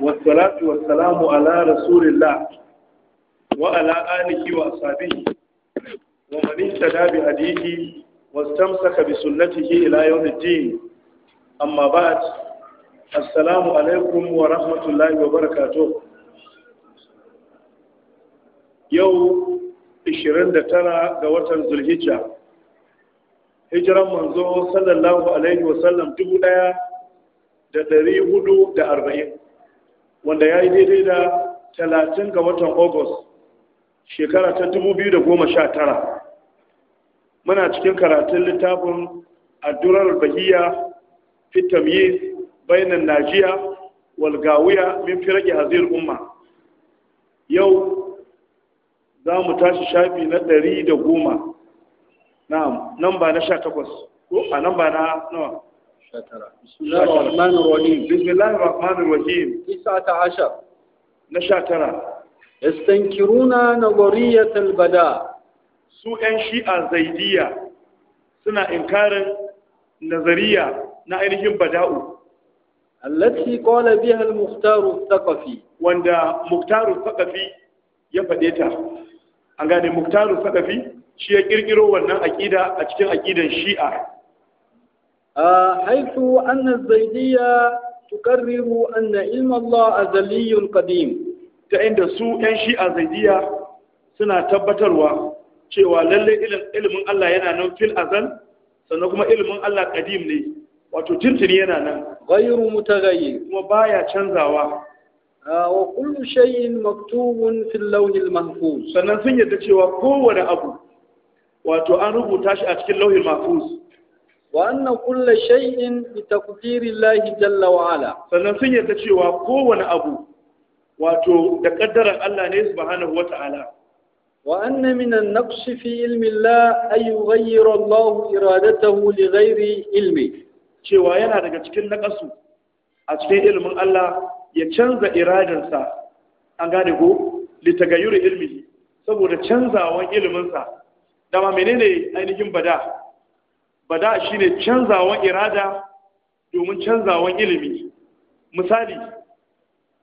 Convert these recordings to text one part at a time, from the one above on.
والصلاة والسلام على رسول الله وعلى آله وأصحابه ومن اهتدى بهديه واستمسك بسنته إلى يوم الدين أما بعد السلام عليكم ورحمة الله وبركاته يوم 29 ga watan Zulhijja hijiran manzo sallallahu alaihi wasallam dubu ɗaya da ɗari hudu da arba'in wanda ya yi daidai da talatin ga watan August shekara ta dubu biyu da goma sha tara. muna cikin karatun littafin addurar bahiya fitamyiz bainan najiya walgawuya min firage hazir umma yau za mu tashi shafi na 110 da goma na'am nan ba na sha takwas ko a nan ba na nawa tara. Bismillahirrahmanirrahim. Bismillahirrahmanirrahim. Isa ta ashar. Na sha tara. Yastankiruna nazariyatal bada. Su ƴan shi'a zaidiya suna inkarin nazariya na ainihin bada'u. Allati qala biha al-Mukhtar al Wanda Mukhtar al ya faɗe ta. An gane Mukhtar shi ya ƙirƙiro wannan aƙida a cikin aƙidan Shi'a. حيث أن الزيدية تكرر أن علم الله أزلي قديم تعند سوء شيء الزيدية سنة تبتروا cewa lalle ilimin Allah yana nan fil azal sannan kuma ilimin Allah kadim ne wato tuntuni yana nan ghayru mutaghayyir kuma baya canzawa wa kullu shay'in maktubun fil lawhil mahfuz sannan sun yadda cewa kowane abu wato an rubuta shi a cikin lawhil mahfuz wa kulle kulla shay'in bi taqdirillahi jalla wa ala sannan sun yarda cewa kowane abu wato da kaddaran Allah ne subhanahu wa ta'ala wa anna min an-naqs fi ilmi Allah ay yughayyira Allah iradatahu li ghairi ilmi cewa yana daga cikin nakasu, a cikin ilmin Allah ya canza iradarsa an gane ko li tagayyuri ilmihi saboda canzawan ilminsa dama menene ainihin bada bada shi ne canzawan irada domin canzawan ilimi misali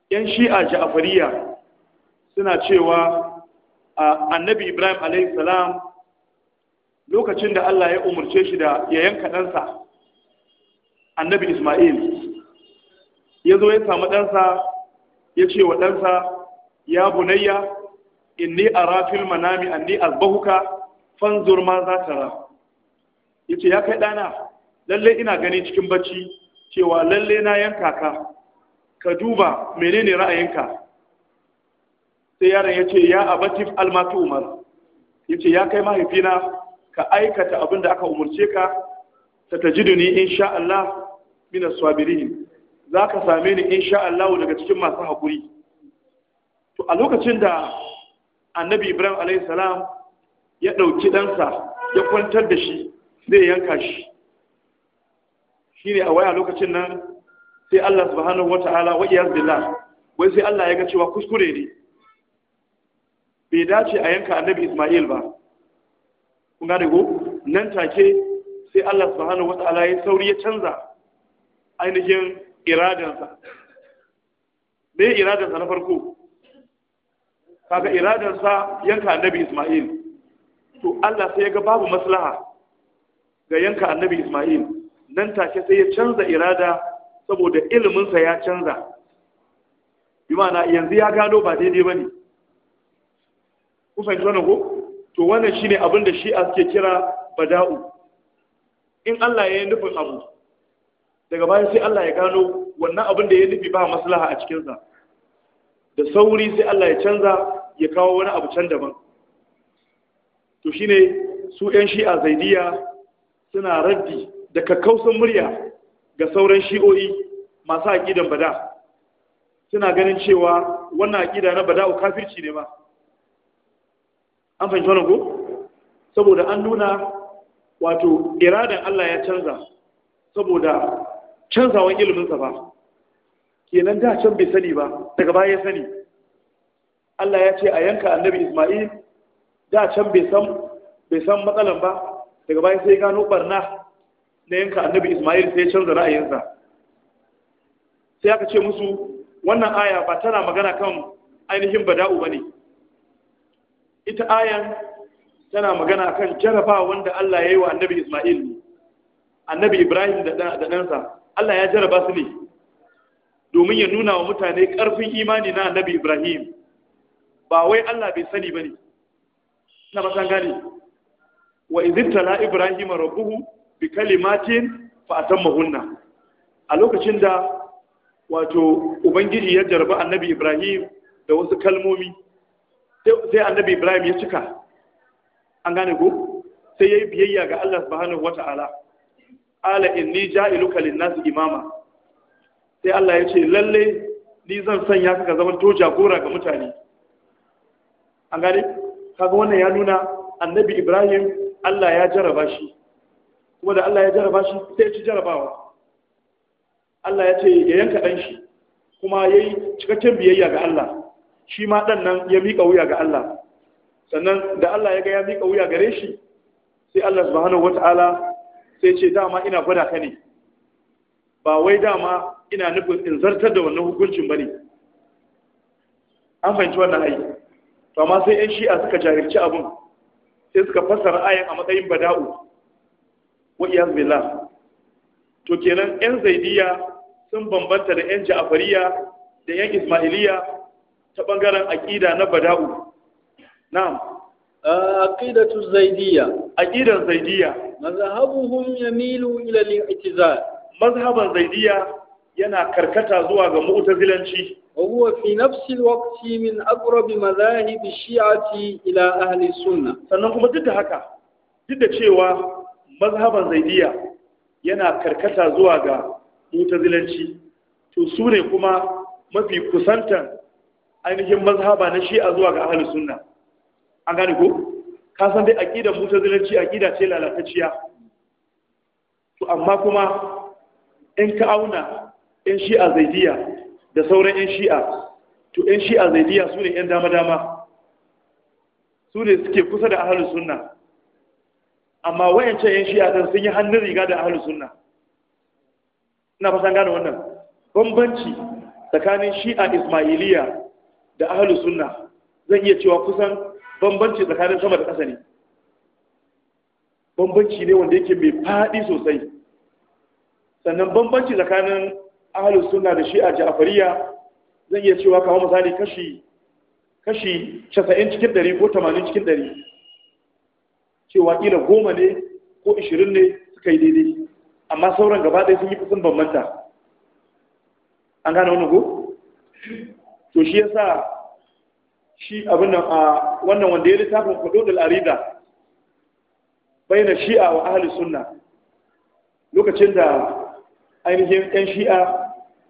yan shi'a ja'afariya suna cewa a annabi ibrahim alayhi salam lokacin da Allah ya umarce shi da ya yanka ɗansa annabi isma'il ya zo ya samu ɗansa ya ce wa ɗansa ya bunayya inni a rafin manami anni albahuka. fanzur ma za ta ra yace ya kai ɗana lalle ina gani cikin bacci cewa lalle na yanka ka ka duba menene ra'ayinka sai yaron yace ya abatif almatu umar yace ya kai mahaifina ka aikata abin da aka umurce ka ni insha Allah min as-sabirin zaka same ni insha Allah daga cikin masu hakuri to a lokacin da annabi Ibrahim alayhi salam ya dauki ɗansa ya kwantar da shi zai yanka shi Shi ne a waya lokacin nan sai Allah subhanahu wata'ala wa iyaz billah wai sai Allah ya ga cewa kuskure ne bai dace a yanka annabi Isma'il ba kun gane ko nan take sai Allah subhanahu wata'ala ya sauri ya canza ainihin iradansa me iradansa na farko kaga iradansa yanka annabi Isma'il to Allah sai ya ga babu maslaha ga yanka annabi Ismail nan take sai ya canza irada saboda iliminsa ya canza bi ma'ana yanzu ya gano ba daidai ba ne ku fahimci wannan ko to wannan shine abin da shi suke kira bada'u in Allah ya yi nufin abu daga bayan sai Allah ya gano wannan abin da ya nufi ba maslaha a cikinsa da sauri sai Allah ya canza ya kawo wani abu can daban to shine su 'yan shi'a zaidiya suna raddi da kakkausan murya ga sauran shi'o'i masu aƙidan bada suna ganin cewa wannan aƙida na bada bada'u kafirci ne ba an fahimci wannan ko saboda an nuna wato iradan Allah ya canza saboda canzawan iliminsa ba kenan da can bai sani ba daga baya ya sani Allah ya ce a yanka annabi Ismail da can bai san matsalan ba daga bayan sai gano barna na yanka annabi Ismail sai canza ra'ayinsa sai aka ce musu wannan aya ba tana magana kan ainihin bada'u ne. ita ayan tana magana kan jaraba wanda Allah ya yi wa annabi Ismail ne annabi Ibrahim da ɗansa Allah ya jaraba su ne domin ya nuna wa mutane ƙarfin imani na annabi Ibrahim ba wai Allah bai sani ba ne na wa Tala ibrahim rabbuhu bi kalimatin fa atammahunna a lokacin da wato ubangiji ya jarba annabi ibrahim da wasu kalmomi sai annabi ibrahim ya cika an gane ko sai yayi biyayya ga Allah subhanahu wata'ala ala inni ja'iluka lin-nasi imama sai Allah ya ce lalle ni zan sanya ka ka zama to jagora ga mutane an gane kaga wannan ya nuna annabi ibrahim Allah ya jaraba shi kuma da Allah ya jaraba shi sai ci jarabawa Allah ya ce ya yanka ɗan shi kuma ya yi cikakken biyayya ga Allah shi ma ɗan nan ya miƙa wuya ga Allah sannan da Allah ya ga ya miƙa wuya gare shi sai Allah subhanahu wata'ala sai ce dama ina gwada ka ne ba wai dama ina nufin in zartar da wannan hukuncin ba ne an fahimci wannan ai to amma sai 'yan shi'a suka jahilci abun sai suka fassara ayan a matsayin bada'u wa iyaz billah to kenan yan zaidiya sun bambanta da yan ja'afariya da yan ismailiya ta bangaren aqida na bada'u na'am aqidatu zaidiya. aqidan zaidiya. mazhabuhum yamilu ila al-i'tizal mazhaban zaidiya. yana karkata zuwa ga mu'tazilanci wa huwa fi nafsi alwaqti min aqrab madhahib shi'ati ila ahli sunna sannan kuma duk da haka duk da cewa mazhaban zaidiya yana karkata zuwa ga mu'tazilanci to sune kuma mafi kusantan ainihin mazhaba na shi'a zuwa ga ahli sunna an gane ko ka san dai aqidar mu'tazilanci aqida ce lalatacciya to amma kuma in ka auna 'yan shi'a zaidiya da sauran 'yan shi'a to 'yan shi'a zaidiya su ne 'yan dama-dama su ne suke kusa da ahalus sunna amma wayancan 'yan shi'a ɗin sun yi hannun riga da ahalus sunna ina fasan gane wannan bambanci tsakanin shi'a ismailiya da ahalus sunna zan iya cewa kusan bambanci tsakanin sama da ƙasa ne bambanci ne wanda yake mai faɗi sosai sannan bambanci tsakanin ahalus suna da shi'a ja'afariya zan iya cewa kawo misali kashi kashi 90 cikin dari ko 80 cikin dari. cewa kila goma ne ko 20 ne suka yi daidai amma sauran gaba ɗaya sun yi kusan bambanta an gane wani go? to shi sa shi abin nan a wannan wanda ya littafin hududul arida bayyana shi'a wa ahalus suna lokacin da ainihin 'yan shi'a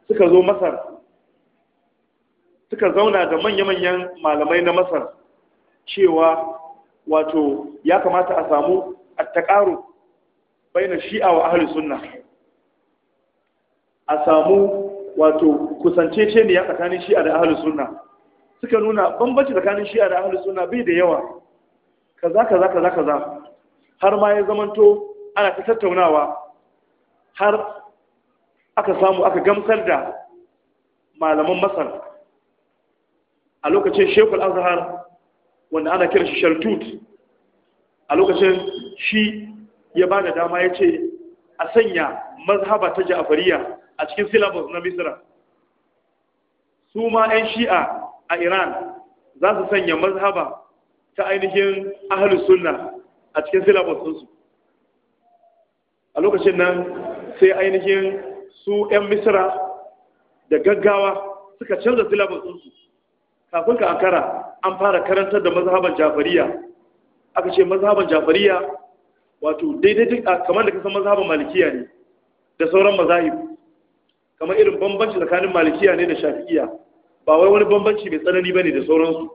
suka zo masar suka zauna da manya-manyan malamai na masar cewa wato ya kamata a samu attakaru baina shi'a wa ahli sunna a samu wato kusancece ne ya tsakanin shi'a da ahli sunna suka nuna bambanci tsakanin shi'a da ahli sunna bai da yawa kaza kaza kaza kaza har ma ya zamanto ana ta tattaunawa har aka samu aka gamsar da malaman masar a lokacin shekul azhar wanda ana kira shi shaltut a lokacin shi ya ba da dama ya ce a sanya mazhaba ta ja'afariya a cikin syllabus na Misira. su ma 'yan shi'a a iran za su sanya mazhaba ta ainihin ahalus sunna a cikin syllabus ɗinsu a lokacin nan sai ainihin su 'yan Misira da gaggawa suka canza silabus ɗinsu kafin ka ankara an fara karantar da mazhaban jafariya aka ce mazhaban jafariya wato daidai kamar da kasan mazhaban malikiya ne da sauran mazahib kamar irin bambanci tsakanin malikiya ne da shafi'iya ba wai wani bambanci mai tsanani ba ne da sauransu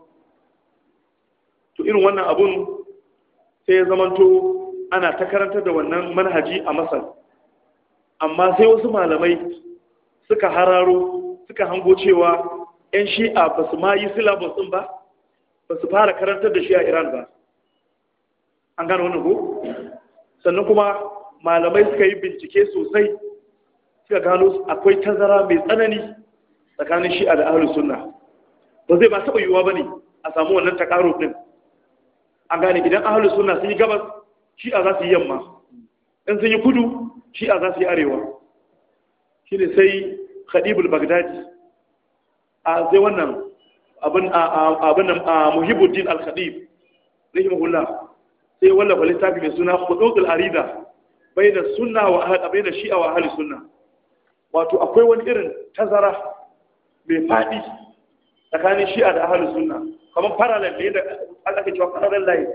to irin wannan abun sai ya zamanto ana ta karantar da wannan manhaji a masar amma sai wasu malamai suka hararo suka hango cewa 'yan shi'a ba su ma yi silabus ɗin ba ba su fara karantar da shi a iran ba an gano wani ko sannan kuma malamai suka yi bincike sosai suka gano akwai tazara mai tsanani tsakanin shi'a da ahalus sunna ba zai ba taɓa yiwuwa ba ne a samu wannan takaro ɗin an gane idan ahalus sunna sun yi gabas shi'a za su yi yamma in sun yi kudu shi'a za su yi arewa shi ne sai khadibul bagdadi a sai wannan abin a muhibuddin al-khadib rahimahullah sai wallafa littafi mai suna hudukul arida bai da sunna wa bai da shi'a wa ahli sunna wato akwai wani irin tazara mai faɗi tsakanin shi'a da ahli sunna kamar parallel ne da Allah ke cewa parallel line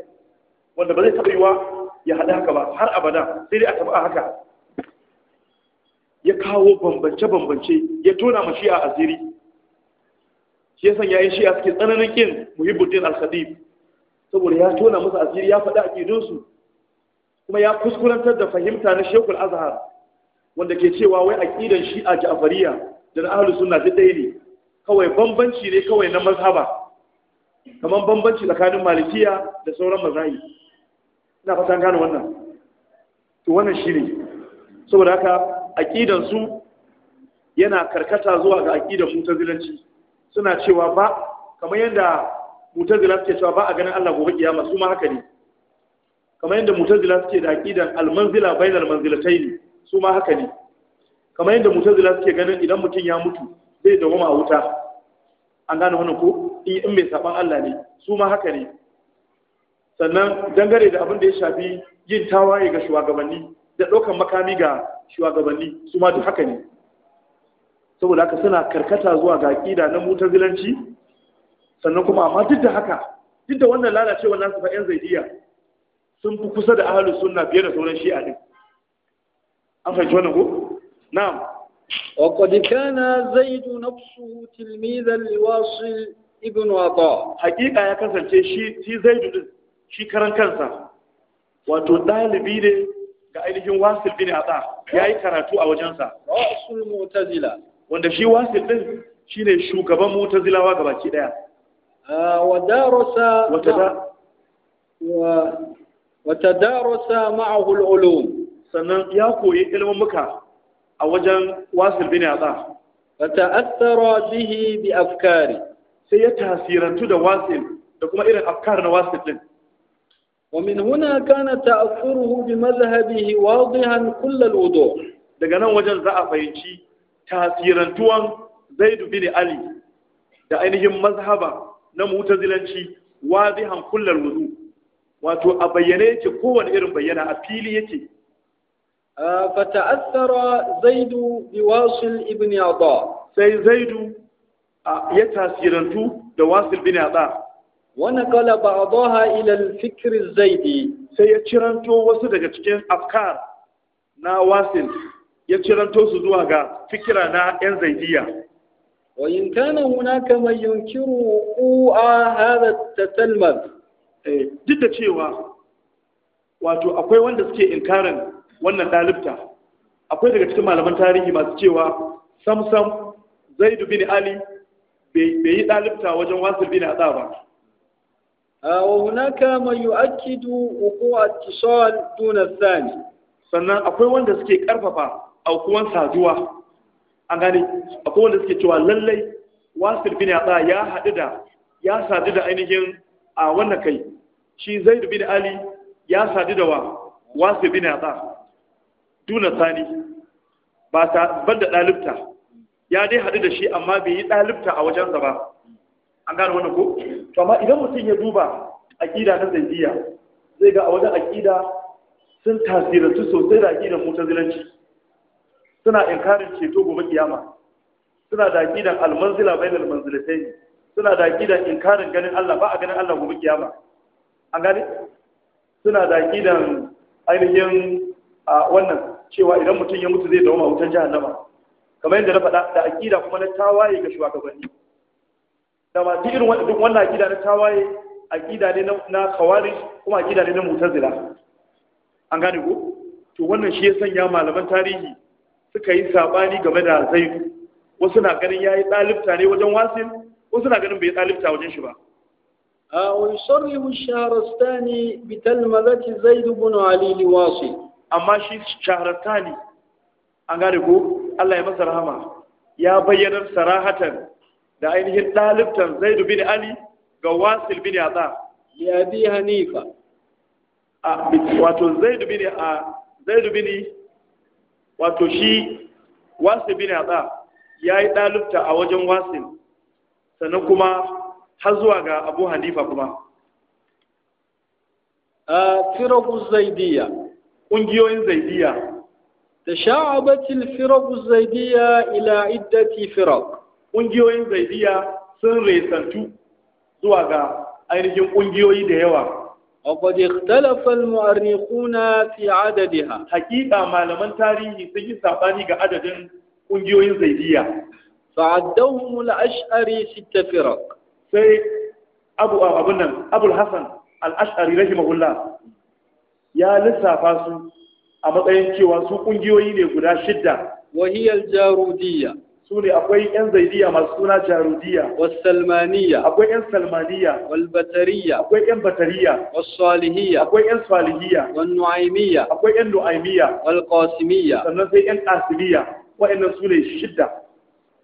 wanda ba zai taɓa yiwa ya haɗa haka ba har abada sai dai a taɓa haka ya kawo bambance-bambance ya tona ma a asiri shi yasan yayin a suke tsananin kin muhibbuddin al-khadib saboda ya tona musu asiri ya faɗa aƙidunsu kuma ya kuskurantar da fahimta na shekul azhar wanda ke cewa wai aƙidan a ja'fariya da na ahlus sunna da ɗaya ne kawai bambanci ne kawai na mazhaba kamar bambanci tsakanin malikiya da sauran mazahi ina fatan gane wannan to wannan shi ne, saboda haka Aƙidansu su yana karkata zuwa ga aqidan mutazilanci suna cewa ba kamar yadda mutazila suke cewa ba a ganin Allah gobe kiyama su ma haka ne kamar yadda mutazila suke da aqidan almanzila bainal ne, su ma haka ne kamar yadda mutazila suke ganin idan mutum ya mutu zai dawoma a wuta an gane wannan ko in mai saban Allah ne su ma haka ne sannan dangare da abin da ya shafi yin tawaye ga shugabanni da ɗaukan makami ga shugabanni su ma duk haka ne saboda haka suna karkata zuwa ga ƙida na mutazilanci sannan kuma amma duk da haka duk da wannan lalacewar nasu fa yan zaidiya sun fi kusa da ahalus sunna fiye da sauran shi'a ne an fahimci wannan ko na'am wa qad kana zaid nafsuhu tilmizan su ibn wata hakika ya kasance shi shi zaidu din shi karan kansa wato dalibi ne ga ainihin wasil bin Ya yi karatu a wajensa wasil mu'tazila wanda shi wasil din shi ne shugaban mu'tazilawa gabaki daya ah, wa darasa wa wata darasa ma'ahul ulum sannan ya koyi ilimin muka a wajen wasil bin ata wata athara bihi bi afkari sai ya tasirantu da wasil da kuma irin afkar na wasil din ومن هنا كان تأثره بمذهبه واضحا كل الوضوح daga nan wajen za a fahimci tasirantuwan zaidu bin Ali da ainihin mazhaba na mutazilanci wazihan kullal wudu wato a bayyane yake kowane irin bayyana a fili yake fata'assara zaidu bi wasil ibn yada sai zaidu ya tasirantu da wasil bin yada wani kala ba a zoha ilal fikirin zaidi sai ya ciranto wasu daga cikin afkar na wasil ya ciranto su zuwa ga fikira na 'yan zaidiya وإن كان هناك من ينكر hada هذا التتلمذ duk da cewa wato akwai wanda suke inkarin wannan dalibta akwai daga cikin malaman tarihi masu cewa samsam zaidu bin ali bai yi dalibta wajen wasil bin hada ba وهناك من يؤكد وقوع اتصال دون الثاني sannan akwai wanda suke karfafa aukuwan saduwa an gane akwai wanda suke cewa lallai wasir bin yatsa ya haɗu da ya sadu da ainihin a wannan kai shi zaid bin ali ya sadu da wa wasir bin yatsa duna sani ba ta banda dalibta ya dai hadu da shi amma bai yi dalibta a wajensa ba an gane wani ko to amma idan mutum ya duba aqida na zaidiya zai ga a wajen aqida sun tasirantu sosai da aqidan mutazilanci suna inkarin ceto gobe kiyama suna da aqidan almanzila bainal manzilatayn suna da aqidan inkarin ganin Allah ba a ganin Allah gobe kiyama an gane suna da aqidan ainihin a wannan cewa idan mutum ya mutu zai dawo ma wutan jahannama kamar yadda na faɗa da aqida kuma na tawaye ga shugabanni da ma duk irin duk wannan akida na tawaye akida ne na khawarij kuma akida ne na mu'tazila an gane ko to wannan shi ya sanya malaman tarihi suka yi sabani game da zai wasu na ganin yayi dalifta ne wajen wasil wasu na ganin bai dalifta wajen shi ba ويصرح الشهرستاني بتلمذة زيد بن علي لواصي أما an شهرستاني ko Allah ya masa rahama ya بيّن صراحة da ainihin zai dubi bin ali ga wasil bin yaza ya abi hanifa a wato zaid bin a zaid bin wato shi wasil bin yaza yayi ɗalibta a wajen wasil sannan kuma har zuwa ga abu hanifa kuma a zai zaidiya ƙungiyoyin zaidiya zai الفرق الزيدية إلى عدة فرق ƙungiyoyin zaidiya sun resantu zuwa ga ainihin ƙungiyoyi da yawa وقد اختلف المؤرخون في عددها حقيقة ما لمن تاريخي سيجي ساباني كعدد ƙungiyoyin zaidiya فعدهم الأشعري ست فرق سي أبو أبو نم أبو الحسن الأشعري رحمه الله يا لسا فاسو أما تين كيوا سو كونجيوي ne guda shidda وهي الجارودية سوني أقوي إن زيدية مسونة جارودية والسلمانية أقوي إن سلمانية والبترية أقوي إن بترية والصالحية أقوي إن صالحية والنعيمية أقوي إن نعيمية والقاسمية النزي إن قاسمية وإن سوني الشدة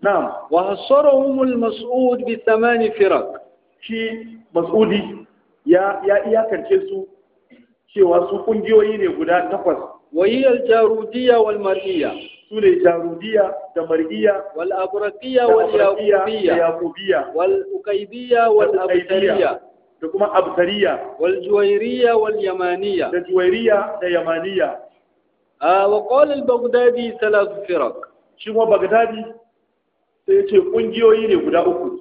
نعم وهصرهم المسؤول بثمان فرق شي مسؤولي يا يا يا كان كيسو شي واسو كونجيو يني غدا وهي الجارودية والمرئية Sune jarudiya da margiya wal aburakiya wal yaqubiya wal ukaibiya wal abtariya da kuma abtariya wal juwairiya wal yamaniya da juwairiya da yamaniya wa qala al baghdadi thalath firaq shi kuma baghdadi sai ya ce kungiyoyi ne guda uku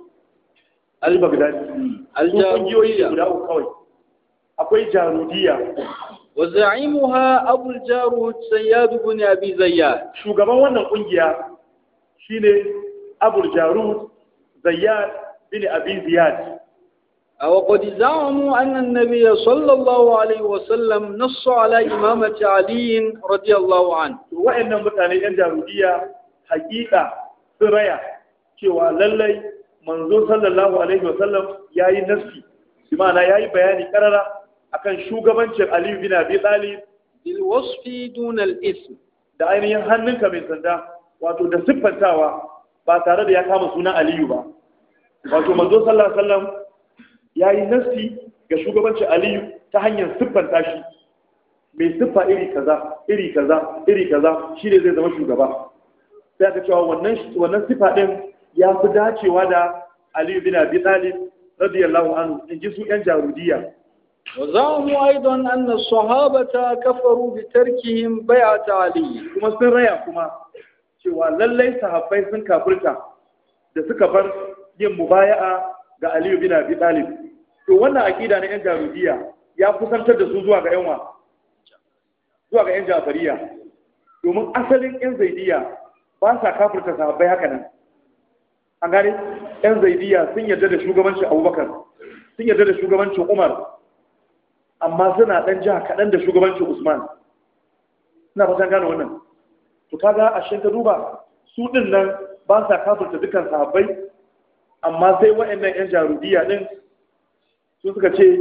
al baghdadi al kungiyoyi guda uku kawai akwai jarudiya wa za'imuha abul jaru sayyad ibn abi zayyad shugaban wannan kungiya shine abul jaru zayyad ibn abi zayyad aw qad za'amu anna an-nabiy sallallahu alayhi wa sallam nassa ala imamati ali radiyallahu an wa inna mutane yan jarudiya haqiqa siraya cewa lallai manzo sallallahu alayhi wa sallam yayi nassi bi ma'ana yayi bayani kararra akan shugabancin Ali bin Abi Talib bil wasfi dun al ism da ainihin hannunka mai sanda wato da siffantawa ba tare da ya kama sunan Aliyu ba wato manzo sallallahu alaihi wasallam yayi nasi ga shugabancin Aliyu ta hanyar siffanta shi mai siffa iri kaza iri kaza iri kaza shine zai zama shugaba sai aka cewa wannan wannan siffa din ya fi dacewa da Aliyu bin Abi Talib radiyallahu anhu in ji su yan jarudiya وزعموا أيضا أن الصحابة كفروا بتركهم بيعة علي كما سن ريا كما cewa lallai sahabbai sun kafirta da suka bar yin mubaya'a ga Aliyu bin Abi to wannan akida na yan jarudiya ya kusantar da su zuwa ga yan zuwa domin asalin yan zaidiya ba sa kafirta sahabbai haka nan gane yan zaidiya sun yarda da shugabancin Abubakar sun yarda da shugabancin Umar amma suna ɗan jiha kaɗan da shugabancin usman Suna fatan gane wannan to kaga a ka duba su ɗin nan ba sa kafurta dukkan sahabbai amma sai wa'annan 'yan jarudiya ɗin su suka ce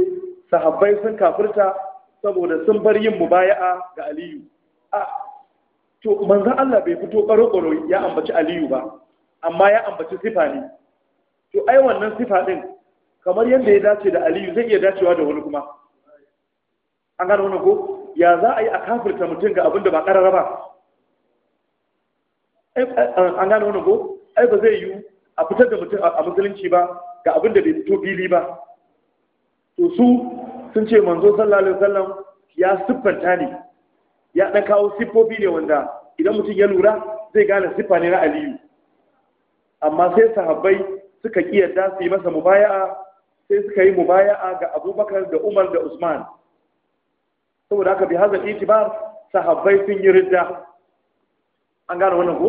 sahabbai sun kafurta saboda sun bar yin mubaya'a ga aliyu a to manzan allah bai fito ɓaro-ɓaro ya ambaci aliyu ba amma ya ambaci sifa ne to ai wannan sifa ɗin kamar yadda ya dace da aliyu zai iya dacewa da wani kuma an gano wannan ko ya za a yi a kafirta mutum ga abin da ba ƙarara ba an gano wannan ko ai ba zai yiwu a fitar da mutum a musulunci ba ga abin da bai fito fili ba to su sun ce manzo sallallahu alaihi wasallam ya siffanta ne ya dan kawo siffofi ne wanda idan mutum ya lura zai gane siffa ne na aliyu amma sai sahabbai suka kiyarda su yi masa mubaya'a sai suka yi mubaya'a ga abubakar da umar da usman saboda haka bi hazal itibar sahabbai sun yi ridda an gano wannan ko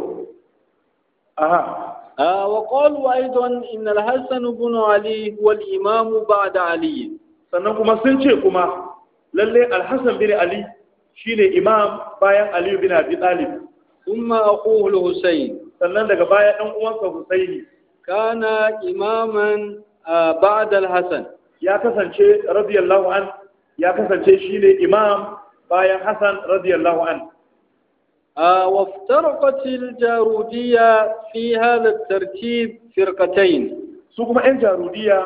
aha وقالوا أيضا إن الحسن بن علي هو الإمام bada علي sannan kuma sun ce kuma lalle alhassan bin ali shine imam bayan ali bin abi talib thumma aqulu husayn sannan daga baya dan uwansa husaini kana imaman ah, ba'da alhasan ya kasance radiyallahu an ya kasance shi ne imam bayan Hassan radiyallahu A jarudiya fi الجارودية في firkatain Su kuma 'yan jarudiya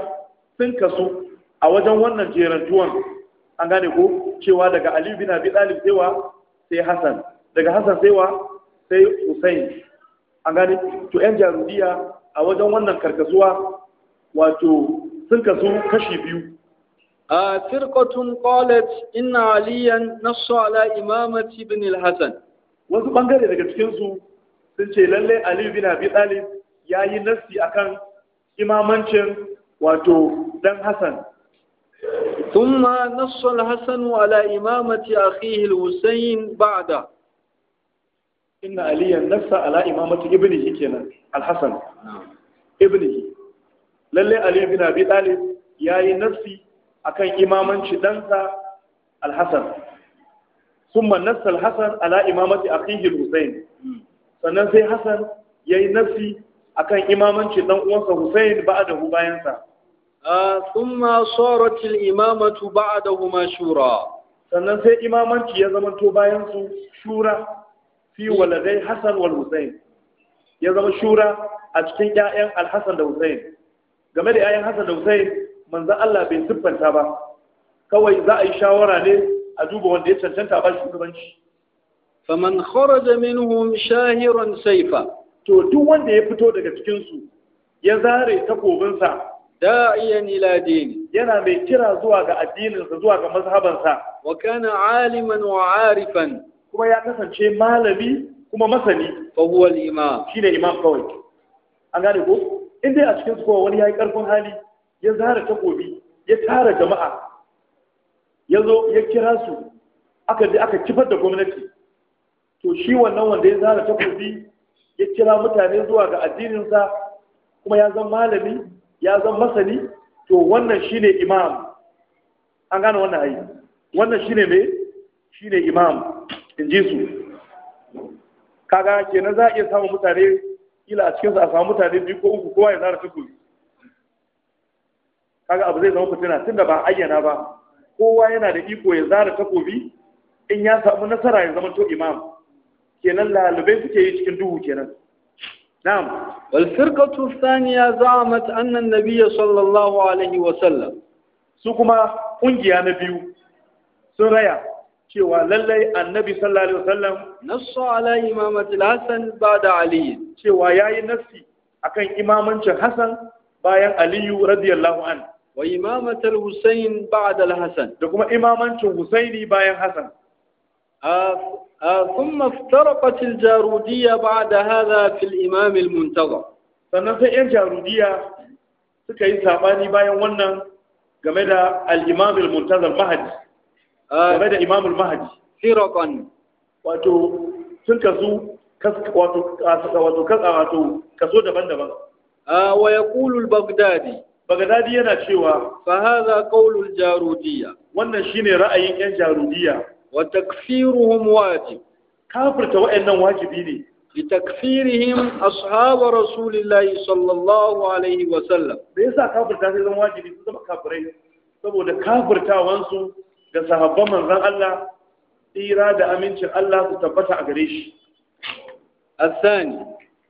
sun kasu a wajen wannan jerantuwan an gane ko cewa daga Aliyu bin Abi dalib saiwa sai Hassan daga Hassan saiwa sai Hussein an gane to yan jarudiya a wajen wannan karkasuwa wato sun kasu kashi biyu فرقة قالت إن عليا nasu على إمامة ibn الحسن wasu bangare daga cikinsu sun ce lalle ali bin abi talib yayi nassi akan imamancin wato dan ثم نص الحسن على إمامة أخيه الحسين بعده إن عليا نص على إمامة ابنه كنا الحسن ابنه للي علي بن أبي طالب yi نفسي akan imamanci ɗansa alhassan sun manasta alhassan ala imamati akhihi al-husayn sannan sai hassan ya yi nafsi akan imamanci dan uwansa husayn ba'da da hu bayansa ah, sun ma tsoratil imamatu ba'da da hu mashura shura sannan sai imamanci ya bayan su shura fi waladai hassan wal husayn ya zama shura a cikin 'ya'yan alhassan da husayn game da 'ya'yan hassan da husayn manzan Allah bai siffanta ba kawai za a yi shawara ne a duba wanda ya cancanta ba shugabanci faman kharaja minhum shahiran saifa to duk wanda ya fito daga cikinsu ya zare takobinsa da'iyan ila dini yana mai kira zuwa ga addininsa zuwa ga mazhabansa wa kana aliman wa arifan kuma ya kasance malami kuma masani fa huwa al-imam shine imam kawai an gane ko in dai a cikin su wani yi ƙarfin hali ya zara takobi ya tara jama'a ya zo ya kira su aka ji aka kifar da gwamnati to shi wannan wanda ya zara takobi ya kira mutane zuwa ga addininsa kuma ya zan malami ya zan masani to wannan shine imam an gane wannan ayi wannan shine Shi ne imam in ji su kaga kenan za a iya samun mutane ila a cikinsu a samu mutane biyu ko uku kowa ya zara takobi kaga abu zai zama fitina tunda ba ayyana ba kowa yana da iko ya zara takobi in ya samu nasara ya zama to imam kenan lalubai suke yi cikin duhu kenan na'am wal firqatu thaniya za'amat anna an-nabiy sallallahu alaihi wa sallam su kuma kungiya na biyu sun raya cewa lallai annabi sallallahu alaihi wasallam nassu ala imamati hasan ba'da ali cewa yayi nassi akan imamancin hasan bayan aliyu radiyallahu anhu wa imamatar Hussein ba'ad al-Hasan da kuma imamancin Husaini bayan Hasan ثم افترقت الجارودية بعد هذا في الإمام المنتظر sannan sai 'yan jarudiya suka yi saɓani bayan wannan game da al-imam al-muntazar mahadi game da imam al-mahadi firaqan wato sun kasu wato wato kaso daban-daban wa yaqulu al-baghdadi Bagdadi yana cewa fa hadha qawlul jarudiyya wannan shine ra'ayin yan jarudiyya wa takfiruhum wajib kafirta wa'annan wajibi ne li takfirihim ashab rasulillahi sallallahu alaihi wa sallam Me yasa kafirta sai zan wajibi su zama kafirai saboda kafirtawan su ga sahabban manzon Allah tsira da amincin Allah su tabbata a gare shi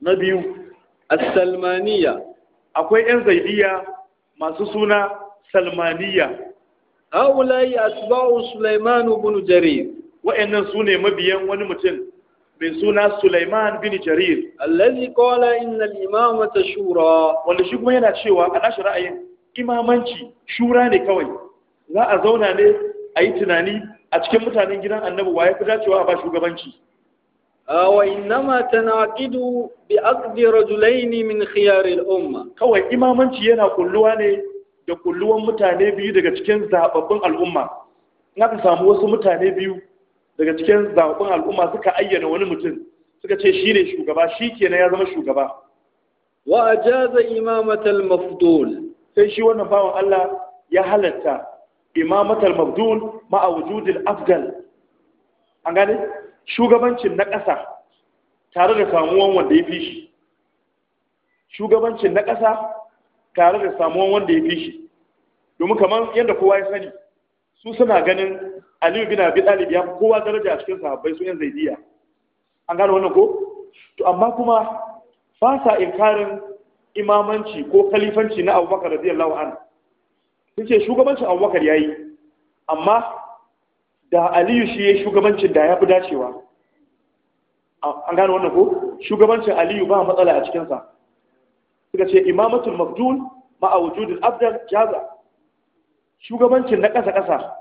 biyu. نبيو Salmaniya akwai 'yan zaidiya masu suna salmaniya a asba'u sulaiman bin jarir wa'annan ne mabiyan wani mutum mai suna sulaiman bin jarir allazi qala inna al-imamata shura wanda shi kuma yana cewa a nashi ra'ayin imamanci shura ne kawai za a zauna ne a yi tunani a cikin mutanen gidan annabi wa ya fi dacewa a ba shugabanci وإنما تنعقد بعقد min من خيار Kawai imamanci yana ينا ne da kulluwan mutane biyu daga cikin zababbin al'umma in ka samu wasu mutane biyu daga cikin zababbin al'umma suka ayyana wani mutum suka ce shi ne shugaba shi kenan ya zama shugaba wa ajaza imamatal mafdul sai shi wannan bawan Allah ya halatta imamatal mafdul ma'a wujudil afdal an gane shugabancin na ƙasa tare da samuwan wanda ya fi shi shugabancin na ƙasa tare da samuwan wanda ya fi shi domin kamar yadda kowa ya sani su suna ganin aliyu bin abi talib ya kowa daraja a cikin sahabbai su yan zaidiya an gano wannan ko to amma kuma ba sa inkarin imamanci ko khalifanci na abubakar radiyallahu anhu sun ce shugabancin abubakar ya yi amma da aliyu shi ya yi shugabancin da ya fi dacewa an gano wannan ko shugabancin aliyu ba matsala a cikinsa suka ce imamatul mafdul ma'a wujudul abdal jaza shugabancin na ƙasa-ƙasa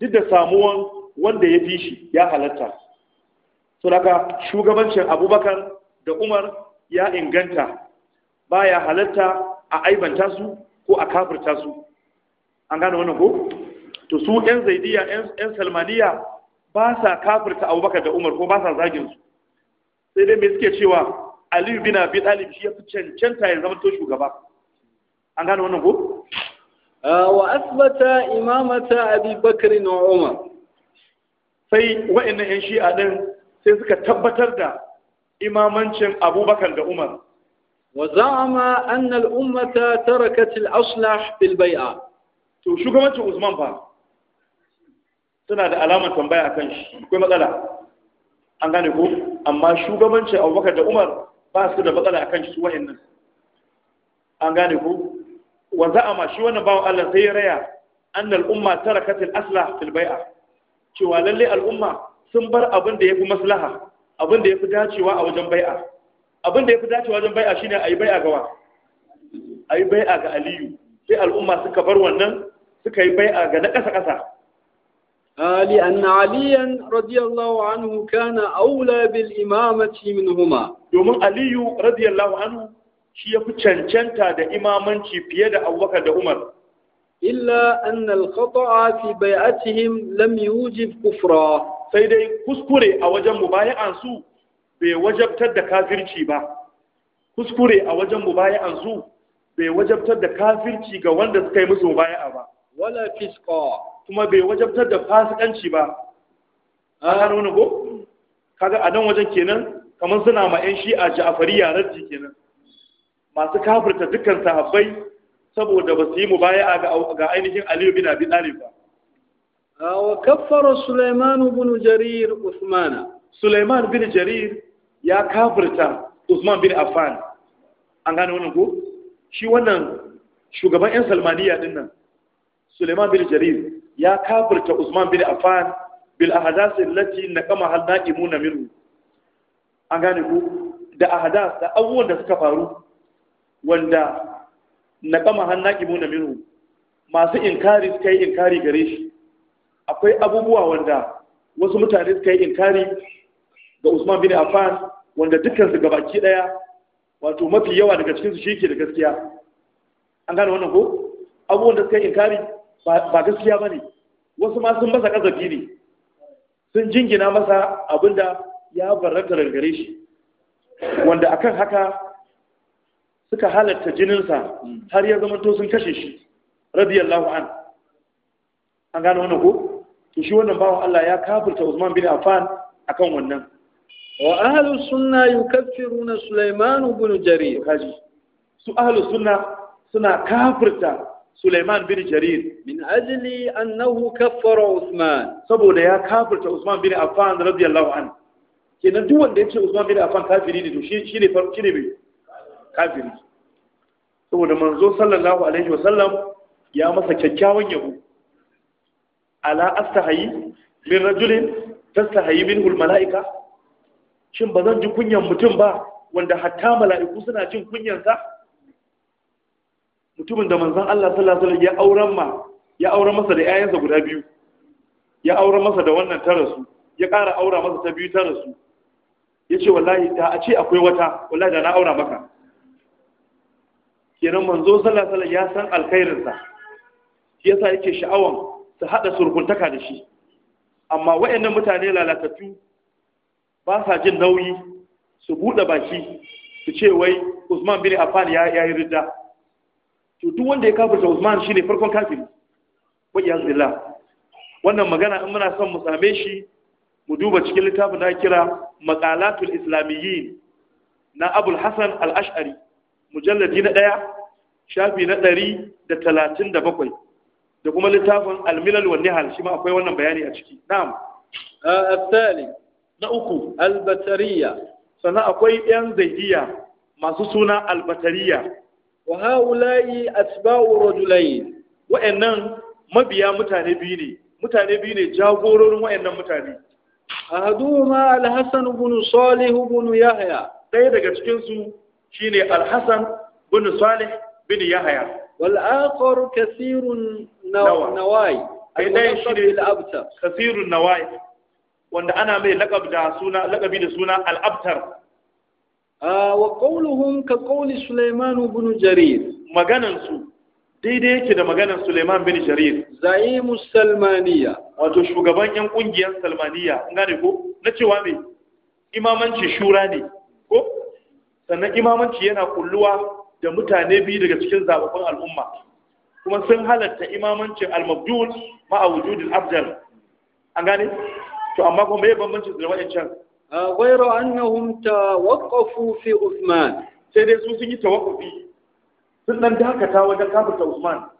duk da samuwan wanda ya fi shi ya halatta su daga shugabancin abubakar da umar ya inganta ba ya halatta a aibanta su ko a kafirta su an gane wannan ko to su yan zaidiya yan salmaniya ba sa kafirta abubakar da umar ko ba sa zagin su sai dai me suke cewa aliyu bin abi talib shi ya fi cancanta ya zama to shugaba an gane wannan ko wa asbata imamata abi bakr wa umar sai wa'annan yan shi'a din sai suka tabbatar da imamancin abubakar da umar وزعم أن الأمة تركت الأصلح في bilbai'a. to shugabancin Usman fa suna da alamar tambaya a kan shi akwai matsala an gane ko amma shugabanci abubakar da umar ba su da matsala a kan shi su nan. an gane ko wa za'ama shi wannan bawan allah sai ya raya an al'umma tarakatil asla fil bai'a cewa lalle al'umma sun bar abin da ya fi maslaha abin da ya fi dacewa a wajen bai'a abin da ya fi dacewa wajen bai'a shine a yi bai'a gawa a yi bai'a ga aliyu sai al'umma suka bar wannan suka yi bai'a ga na ƙasa-ƙasa لأن عليا رضي الله عنه كان أولى بالإمامة منهما يوم علي رضي الله عنه شيء تشنشنتا دا إمامنشي بيدا أو وكا دا عمر إلا أن الخطأ في بيعتهم لم يوجب كفرا سيدي كسكري أوجم مبايع أنسو بوجب تد كافرشي با كسكري أوجم مبايع أنسو بوجب تد كافرشي غواندس كيمس مبايع با ولا فسقا kuma bai wajabtar da fasikanci ba an gano wani ko kaga a nan wajen kenan kamar suna ma 'yan shi'a ja'afariya raddi kenan masu kafirta dukkan sahabbai saboda ba su yi mu baya ga ainihin aliyu bin abi talib ba ah, wa kaffara sulaiman bin jarir usman sulaiman bin jarir ya kafirta usman bin affan an gane wani ko shi wannan shugaban 'yan salmaniya din nan suleiman bin jarir ya kafirta Usman bin Affan bil ahdath allati naqama hal naqimuna minhu an gane ku da ahdath da abubuwan da suka faru wanda naqama hal naqimuna minhu masu inkari suka yi inkari gare shi akwai abubuwa wanda wasu mutane suka yi inkari ga Usman bin Affan wanda dukkan su gabaki daya wato mafi yawa daga cikin su shike da gaskiya an gane wannan ko abubuwan da suka yi inkari ba gaskiya ba ne wasu ma sun masa kazafi ne sun jingina masa abinda ya barranta daga gare shi wanda akan haka suka halatta jininsa har ya zama to sun kashe shi radiyallahu an an gano wani ko to shi wannan bawan Allah ya kafirta Usman bin Affan akan wannan wa ahlus sunna yukaffiruna Sulaiman ibn Jarir kaji su ahlus sunna suna kafirta Suleiman bin Jarir min ajli annahu kaffara Usman saboda ya kafirta Usman bin Affan radiyallahu anhu kenan duk wanda ya ce Usman bin Affan kafiri ne to shi ne shine ne bai kafiri saboda manzo sallallahu alaihi wa sallam ya masa kyakkyawan yabo ala astahayi min rajulin tastahayi minhu almalaika shin bazan ji kunyan mutum ba wanda hatta mala'iku suna jin kunyansa mutumin da manzon Allah sallallahu ya auren ma ya auren masa da ƴaƴansa guda biyu ya auren masa da wannan ta rasu ya ƙara aura masa ta biyu ta rasu ya ce wallahi da a ce akwai wata wallahi da na aura maka kenan manzo sallallahu ya san sa shi yasa yake sha'awan su hada surkuntaka da shi amma wayannan mutane lalatattu ba sa jin nauyi su bude baki su ce wai Usman bin Affan ya yi ridda to duk wanda ya kafirta Usman shine farkon kafiri wa yazillah wannan magana in muna son mu same shi mu duba cikin littafin da kira maqalatul islamiyyin na Abul Hasan al-Ash'ari mujalladi na daya shafi na ɗari da talatin da bakwai da kuma littafin al-milal wa nihal shi ma akwai wannan bayani a ciki na'am الثاني na uku albatariya sannan akwai yan zaidiya masu suna albatariya wa haula'i asba'u rajulayn wa'annan mabiya mutane biyu ne mutane biyu ne jagororin wa'annan mutane ahaduhuma al-hasan ibn salih ibn yahya ɗaya daga cikin su shine al-hasan ibn salih ibn yahya wal akhar kathirun nawai ai dai shine al-abtar kathirun nawai wanda ana mai lakabi da suna al'abtar. da suna al-abtar Ah, wa qawluhum ka qawli Sulaiman ibn Jarir maganan daidai yake da maganan Sulaiman bin Jarir zaimu Salmaniya wato shugaban yan ƙungiyar Salmaniya an gane ko na cewa me imamanci shura ne ko sannan imamanci yana kulluwa da mutane biyu daga cikin zababbin al'umma kuma sun halatta imamancin al-mabdul ma'a wujudil abdal an gane to amma kuma bai bambanci da wa'ancan Ah, ghayra annahum tawaqqafu fi Usman. sai dai su sun yi tawaqqufi sun dan dakata wajen kafirta Usman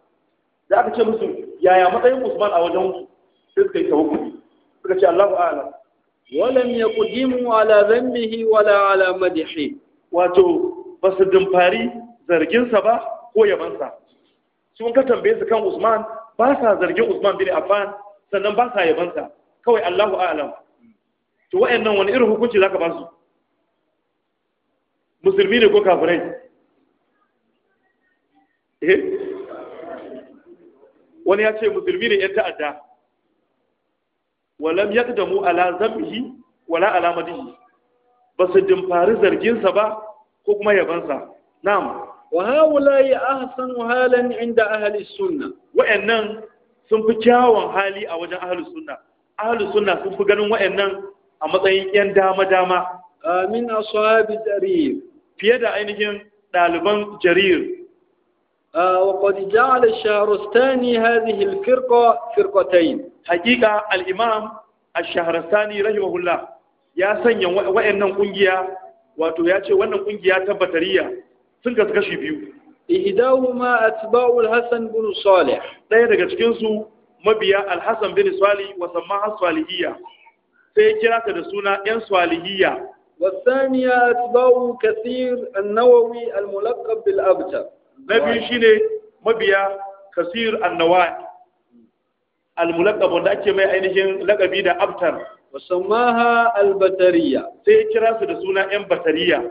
da aka ce musu yaya matsayin Usman a wajen su sai suka yi tawaqqufi suka ce Allahu a'lam walam yaqdimu ala dhanbihi wala ala madhihi wato basu dimfari zarginsa ba ko yabansa sun ka tambaye su kan Usman ba sa zargin Usman bin Affan sannan ba sa yabansa kawai Allahu a'lam to wa'annan wani irin hukunci zaka ba su musulmi ne ko kafirai eh wani ya ce musulmi ne yan ta'adda walam yaqdamu ala zambihi wala ala madihi ba su dimfari zarginsa ba ko kuma yabansa na'am wa haula ya ahsan halan inda ahli sunna wa'annan sun fi kyawun hali a wajen ahli sunna ahli sunna sun fi ganin wa'annan a matsayin ƴan dama-dama. Amin ashabi jarir fiye da ainihin ɗaliban jarir. Wa qad ja'ala Shahrastani hadhihi al-firqa firqatayn. Hakika al-Imam Ash-Shahrastani rahimahullah ya sanya wayannan ƙungiya, wato ya ce wannan ƙungiya ta batariya sun ka kashi biyu. Ihdahuma atba'u al-Hasan bin Salih. Ɗaya daga cikin su mabiya al-Hasan bin Salih wa sama'a salihiyya. sai ya kira ta da suna ‘yan swalihiyya. Wasaniya atba'u kasir annawawi al-mulaqab bil abtar. Na biyu shine mabiya kasir annawawi al-mulaqab wanda ake mai ainihin lakabi da abtar. Wasamaha al-batariya. Sai ya kira su da suna ‘yan batariya.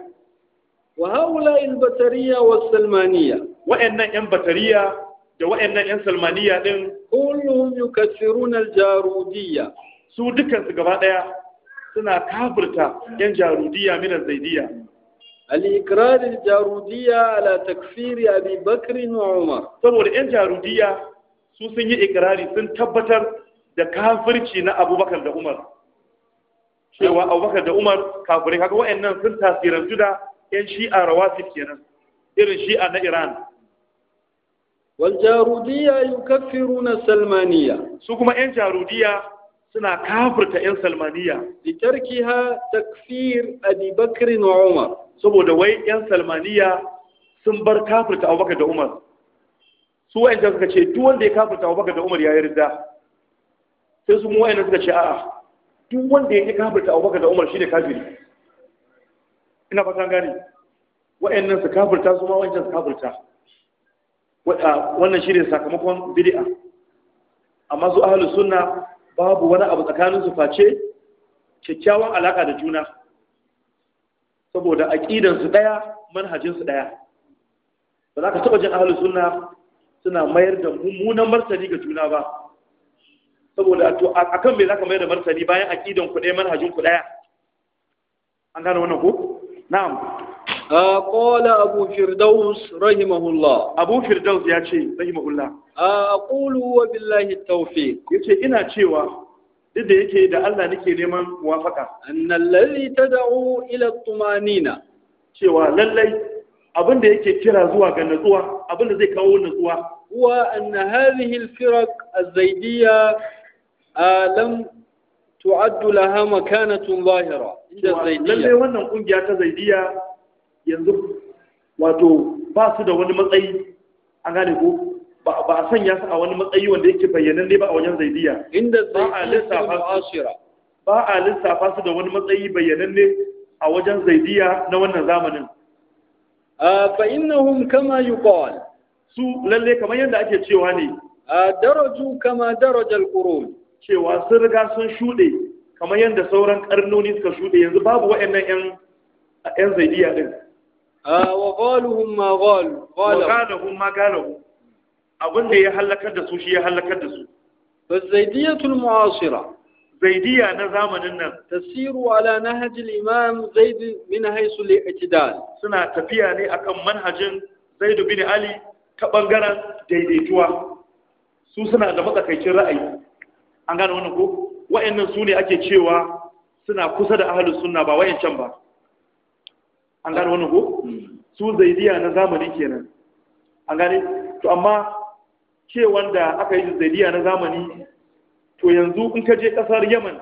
Wa haula al-batariya wa salmaniya. Wa'annan ‘yan batariya da wa'annan ‘yan salmaniya din. Kullum yukassiruna al-jarudiyya. su dukansu gaba ɗaya suna kafirta yan jarudiya minan zaidiya al-ikrar al-jarudiyya ala takfiri abi bakr wa umar saboda yan jarudiya su sun yi ikrari sun tabbatar da kafirci na abubakar da umar cewa abubakar da umar kafirai haka wa'annan sun tasirantu da yan shi'a rawasi kenan irin shi'a na iran wal jarudiyya yukaffiruna salmaniya su kuma yan jarudiya suna kafirta 'yan salmaniya da tarki ha takfir abubakar wa umar saboda wai 'yan salmaniya sun bar kafirta abubakar da umar su wa'yanta suka ce duk wanda ya kafirta abubakar da umar ya yi rida sai su wa'yanta suka ce a'a duk wanda ya yi kafirta abubakar da umar shi ne kafiri ina fatan gani wa'yannan su kafirta su ma wancan su kafirta wannan shi ne sakamakon bid'a amma su ahalus sunna babu wani abu tsakanin su face kyakkyawan alaka da juna saboda aqidan su daya manhajin su daya ba za ka taba jin ahlus sunna suna mayar da mummunan martani ga juna ba saboda to akan me za ka mayar da martani bayan aqidan ku ɗaya, manhajin ku daya an gane wannan ko na'am qala abu firdaus rahimahullah abu firdaus ya ce rahimahullah aqulu wa billahi tawfiq yace ina cewa duk da yake da Allah nake neman wafaka annal ladhi tad'u ila tumanina cewa lallai abin da yake kira zuwa ga natsuwa abin da zai kawo natsuwa wa anna hadhihi al-firaq az-zaydiyya lam tu'addu laha makanatun zahira inda zaydiyya lallai wannan kungiya ta zaydiyya yanzu wato ba su da wani matsayi an gane ko ba a sanya su a wani matsayi wanda yake bayyanan ne ba a wajen zaidiya inda ba a lissafa su da wani matsayi bayyanan ne a wajen zaidiya na wannan zamanin fa innahum kama yuqal su lalle kamar yadda ake cewa ne daraju kama darajal qurun cewa sun riga sun shude kamar yadda sauran karnoni suka shude yanzu babu waɗannan yan yan zaidiya din wa qaluhum ma qalu wa qaluhum ma qalu abin da ya halakar da su shi ya halakar da su fa zaidiyatul mu'asira zaidiya na zamanin nan tasiru ala nahaj al-imam zaid min haythu al-i'tidal suna tafiya ne akan manhajin zaid bin ali ta bangaren daidaituwa su suna da matsakaicin ra'ayi an gane wannan ko wayannan su ne ake cewa suna kusa da ahlus sunna ba wayancan ba an gane wannan ko hmm. su zaidiya na zamanin kenan an gane to amma ce wanda aka yi zaidiya na zamani to yanzu in ka je kasar yaman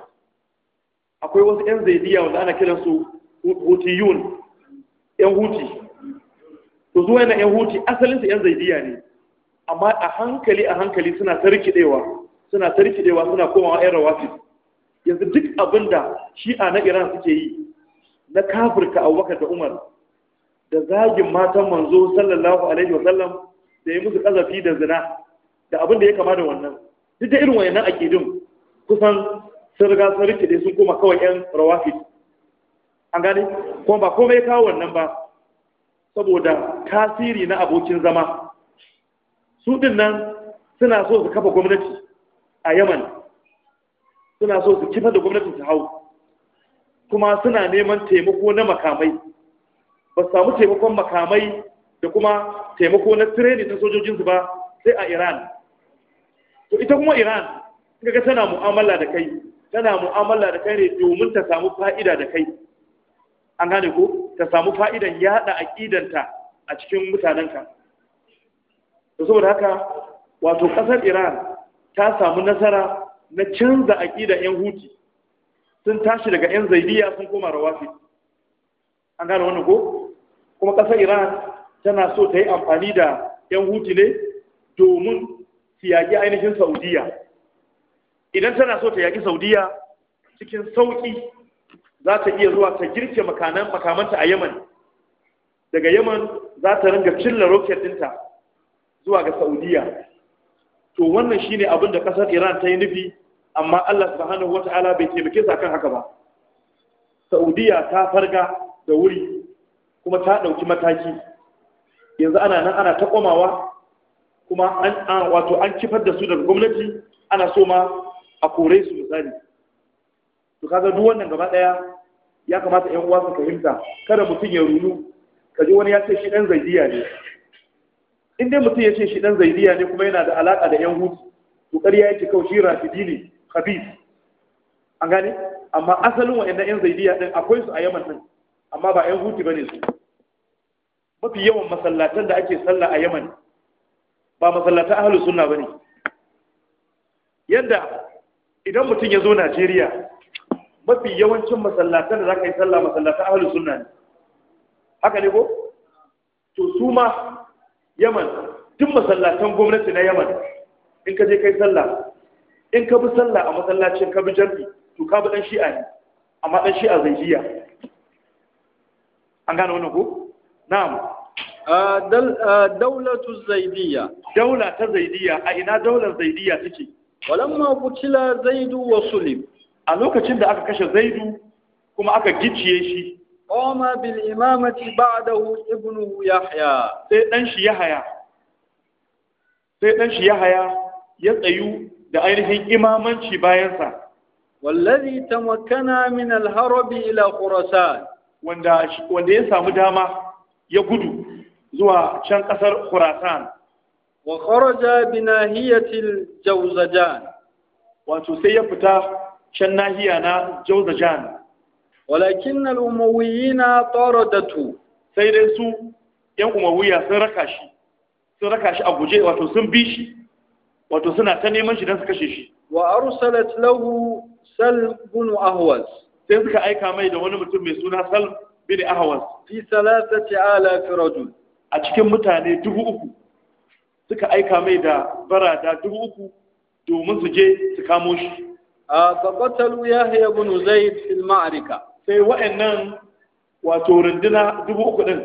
akwai wasu 'yan zaidiya wanda ana kiransu hutiyun 'yan huti to zuwa yana 'yan huti asalinsu 'yan zaidiya ne amma a hankali a hankali suna tarkidewa suna tarkidewa suna komawa 'yan rawafi yanzu duk abin da shi'a na iran suke yi na kafirka abubakar da umar da zagin matan manzo sallallahu alaihi wasallam da yi musu kazafi da zina da abin da ya kama da wannan duk da irin wayannan akidun kusan sun riga sun rike sun koma kawai yan rawafid an gane kuma ba komai kawo wannan ba saboda tasiri na abokin zama su din nan suna so su kafa gwamnati a yaman suna so su kifar da gwamnati su hau kuma suna neman taimako na makamai ba samu taimakon makamai da kuma taimako na tireni ta sojojinsu ba sai a iran to ita kuma iran kaga tana mu'amala da kai tana mu'amala da kai ne domin ta samu fa'ida da kai an gane ko ta samu fa'idan yada aqidanta a cikin ka. to saboda haka wato kasar iran ta samu nasara na canza aqida yan huti sun tashi daga yan zaidiya sun koma rawafi an gane wannan ko kuma kasar iran tana so ta yi amfani da yan huti ne domin ta yaƙi ainihin saudiya idan tana so ta yaƙi saudiya cikin sauƙi za ta iya zuwa ta girke makamanta a yaman daga yaman za ta ringa cilla roket dinta zuwa ga saudiya to wannan shi ne abinda ƙasar iran ta yi nufi amma allah subhanahu ala bai taimake su akan haka ba saudiya ta farga da wuri kuma ta ɗauki mataki yanzu ana nan ana ta komawa kuma an wato an kifar da su daga gwamnati ana so ma a kore su misali to kaga duk wannan gaba daya ya kamata ƴan uwa su fahimta kada mutum ya rulu kaje wani ya ce shi dan zaidiya ne in dai mutum ya ce shi dan zaidiya ne kuma yana da alaka da yan hutu to ƙarya yake kawai shi rafidi ne khabib an gane amma asalin wa'annan yan zaidiya din akwai su a yaman din amma ba yan hutu bane su mafi yawan masallatan da ake sallah a yaman ba masallatan Suna sunna bane yadda idan mutum ya zo Najeriya mafi yawancin masallatan da ka yi sallah masallatan ahlus sunna ne haka ne ko to su ma Yaman duk masallatan gwamnati na Yaman in ka je kai sallah in ka bi sallah a masallacin ka bi jarbi to ka bi dan shi'a ne amma dan shi'a zai jiya an gane wannan ko na'am daulatu zaidiya daula ta zaidiya a ina daular zaidiya take walamma kutila zaidu wa sulim a lokacin da aka kashe zaidu kuma aka gicciye shi qama bil imamati ba'dahu ibnu yahya sai dan shi yahya sai dan shi yahya ya tsayu da ainihin imamanci bayansa wallazi tamakkana min al-harbi ila khurasan wanda wanda ya samu dama ya gudu zuwa can ƙasar Khurasan. Wa kharaja bi nahiyatil Jawzajan. Wato sai ya fita can nahiya na Jawzajan. Walakin al-Umayyina taradatu. Sai dai su ‘yan Umayya sun sun raka shi a guje wato sun bi shi, wato suna ta neman shi don su kashe shi. Wa arsalat lahu Sal Sai suka aika mai da wani mutum mai suna Sal bin Ahwas. Fi ala a cikin mutane dubu uku suka aika mai da barada dubu uku domin su je su kamo shi a faqatalu yahya ibn zaid fil ma'arika sai wa'annan wato runduna dubu uku din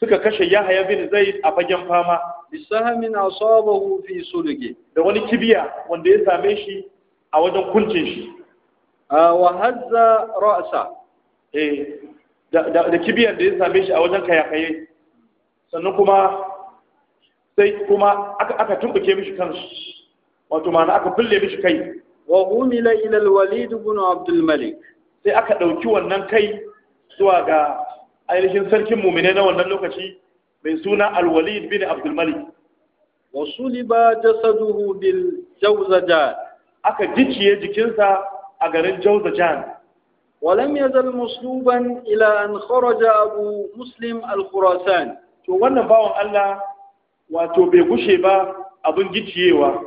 suka kashe yahya ibn zaid a fagen fama bisahamin asabahu fi sulge da wani kibiya wanda ya same shi a wajen kuncin shi wa hazza ra'sa eh da kibiyar da ya same shi a wajen kayakaye sannan kuma sai kuma aka tumbuke mishi kansu wato ma'ana aka fulle mishi kai wa umila ila al-walid ibn abd al-malik sai aka dauki wannan kai zuwa ga ainihin sarkin mu'mine na wannan lokaci mai suna al-walid bin abd al-malik wa suliba jasaduhu bil jawzajan aka jiciye jikinsa a garin jawzajan Walan يزل مصلوبا إلى أن خرج muslim مسلم to wannan bawan Allah wato bai gushe ba abun gicciyewa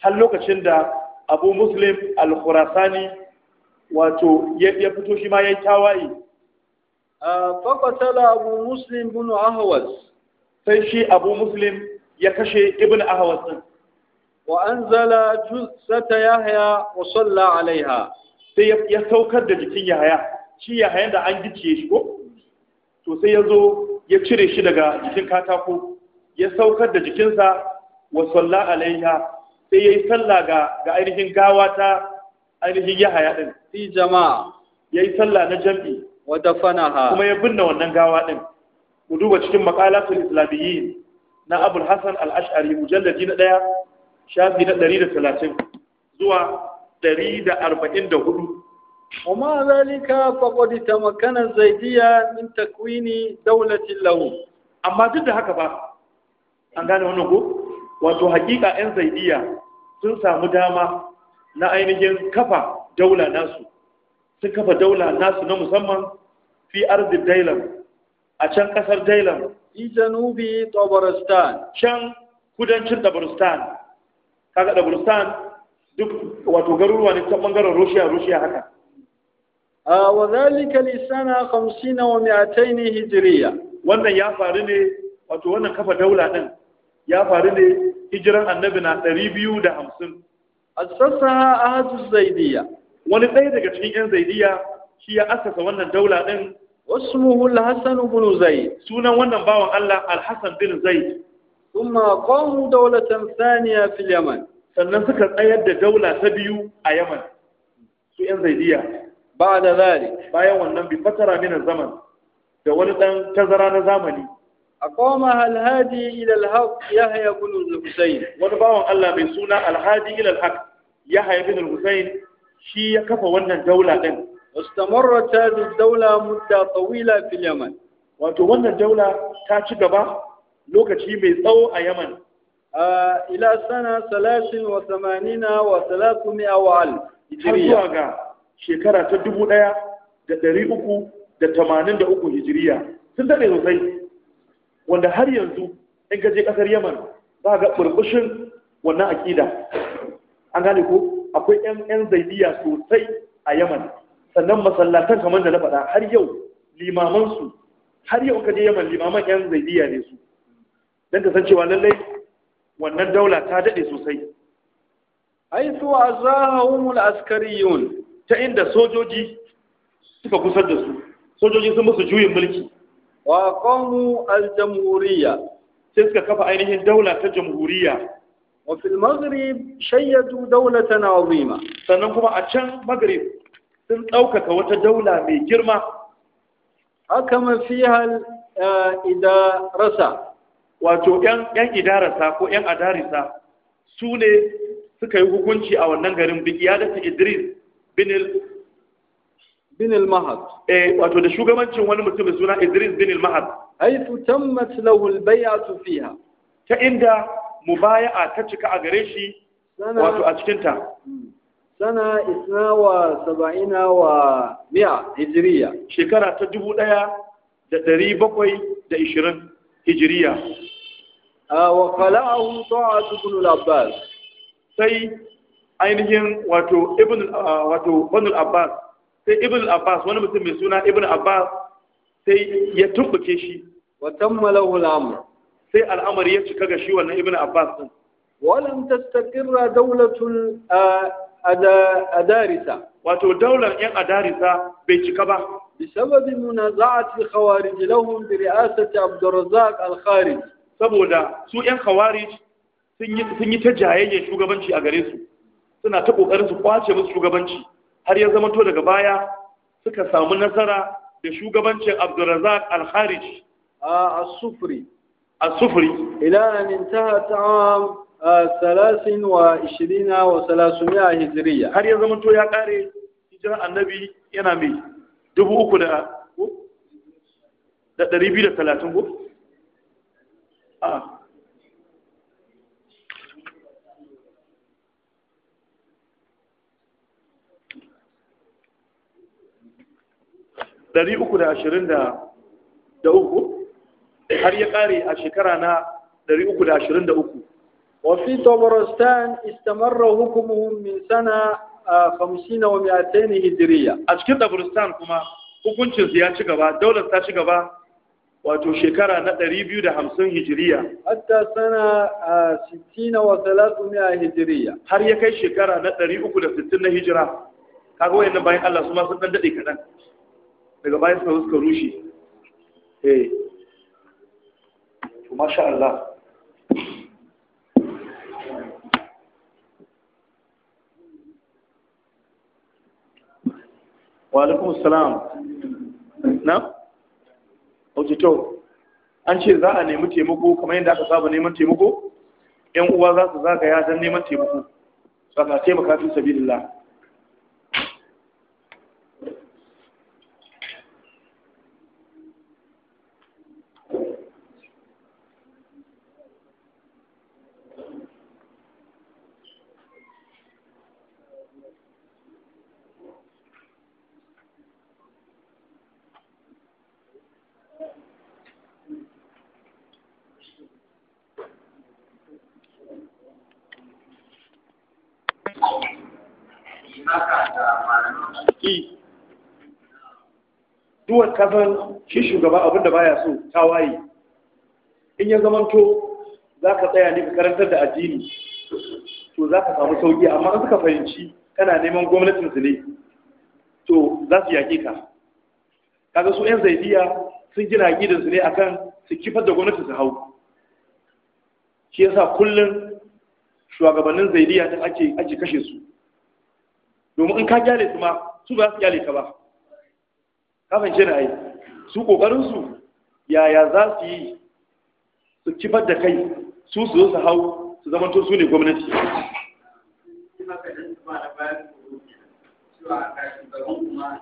har lokacin da abu muslim al-khurasani wato ya fito shi ma ya yi tawaye faƙatala abu muslim bin ahawas sai shi abu muslim ya kashe ibn ahawas din wa anzala ya yahya wa salla alaiha sai ya saukar da jikin yahya shi yahya da an gicciye shi ko to sai ya zo ya cire shi daga jikin katako ya saukar da jikinsa wa salla alaiha sai ya yi ga ga ainihin gawa ta ainihin yahaya din fi jama'a ya yi na jam'i wa dafanaha kuma ya binne wannan gawa ɗin mu duba cikin maqalatul islamiyyi na abul hasan al-ash'ari mujalladi na ɗaya shafi na 130 zuwa 144 ومع ذلك فقد تمكن الزيدية من تكوين دولة له أما ضد هكذا an gane wani ko wato hakika 'yan zaidiya sun samu dama na ainihin kafa daula nasu sun kafa daula nasu na musamman fi arzib dailam a can kasar dailam fi janubi tabaristan can kudancin tabaristan kaga tabaristan duk wato garuruwa ne ta bangaren rushiya rushiya haka wa zalika li sana 50 wa 200 hijriya wannan ya faru ne wato wannan kafa daula din ya faru ne hijiran annabi na 250 assasaha ahadu zaidiya. wani ɗaya daga cikin yan zaidiya shi ya assasa wannan daula din واسمه الحسن بن زيد سنن wannan bawan Allah Al-Hasan bin Zaid kuma qamu dawlatan thaniya fil Yaman sannan suka tsayar da daula ta biyu a Yaman su yan Zaidiya ba da zali bayan wannan bi fatara min zaman da wani dan tazara na zamani aqama alhadi ila alhaq yahya ibn al-husayn wani bawan Allah mai suna alhadi ila alhaq yahya ibn al shi ya kafa wannan daula din istamarrat hadhihi ad-dawla mudda tawila fil yaman wato wannan daula ta ci gaba lokaci mai tsawo a yaman ila sana 83 wa 300 wa al hijriya shekara ta dubu ɗaya da ɗari uku da tamanin da uku hijiriya sun daɗe sosai wanda har yanzu in ka je ƙasar yaman za ga ɓurɓushin wannan aƙida an gane ko akwai 'yan zaidiya sosai a yaman sannan masallatan kamar da na faɗa har yau limamansu har yau ka je yaman limaman 'yan zaidiya ne su don ka san cewa lallai wannan daula ta daɗe sosai aitu azahahumul askariyun ta inda sojoji suka kusa da su sojoji sun musu juyin mulki wa qamu al-jamhuriyya sai suka kafa ainihin daula ta jamhuriyya wa fil maghrib shayyadu dawlatan azima sannan kuma a can maghrib sun ɗaukaka wata daula mai girma Haka ma fiha eh, idarasa wato yan idarasa ko yan adarisa su ne suka yi hukunci a wannan garin biki Idris bin al mahad eh wato da shugabancin wani mutum mai suna Idris al mahad aitu tammat lahu al-bay'atu fiha ta inda mubaya'a ta cika a gare shi wato a cikin ta hmm. sana isna wa saba'ina wa mi'a hijriya shekara ta dubu ɗaya da bakwai da ishirin hijiriya ah, wa qala'ahu ta'atu ibn al-abbas sai ainihin wato ibn uh, wato ibn abbas sai ibn abbas wani mutum mai suna ibn abbas sai ya tumbuke shi wa tammala al sai al'amari ya cika ga shi wannan ibn abbas din walam tastaqirra dawlatul uh, adarisa wato daular yan adarisa bai cika ba بسبب منازعة الخوارج لهم برئاسة عبد الرزاق الخارج saboda su 'yan khawarij sun yi ta jayayyen shugabanci a gare su suna ta kokarin su kwace musu shugabanci har ya zama to daga baya suka samu nasara da shugabancin Abdulrazak al kharij a sufri a sufri ila an intaha ta'am 23 wa 300 hijriya har ya zama to ya kare hijira annabi yana mai dubu uku da da ɗari biyu da talatin ko? a ɗari uku da ashirin da uku har ya kare a shekara na ɗari uku da ashirin da uku wafi tabarostan istamarra hukumun min sana a famsina wa miyatai ne hijiriya a cikin tabarostan kuma hukuncinsu ya ci gaba daular ta ci gaba wato shekara na ɗari biyu da hamsin hijiriya hatta sana a sittina wa salatu miya hijiriya har ya kai shekara na ɗari uku da sittin na hijira kaga wayannan bayan Allah su ma sun ɗan daɗe kaɗan daga bayan suka suka rushe eh to masha Allah wa alaikum salam na to an ce za a nemi taimako kamar yadda aka saba neman taimako yan uwa za su zagaya don neman taimako saka taimaka fi sabilillah kasan shi shugaba abinda baya so ta waye. in ya zamanto za ka tsaya ne ka karantar da addini to za ka samu sauki amma in suka fahimci kana neman gwamnatin su ne to za su yaƙe ka kaga su 'yan zaidiya sun gina gidansu su ne akan su kifar da gwamnati su hau shi yasa kullum shugabannin zaidiya ta ake ake kashe su domin in ka gyale su ma su ba su gyale ka ba kafin shi na yi su kokarinsu yaya za su yi su kifar da kai su su su hau su zama su ne gwamnati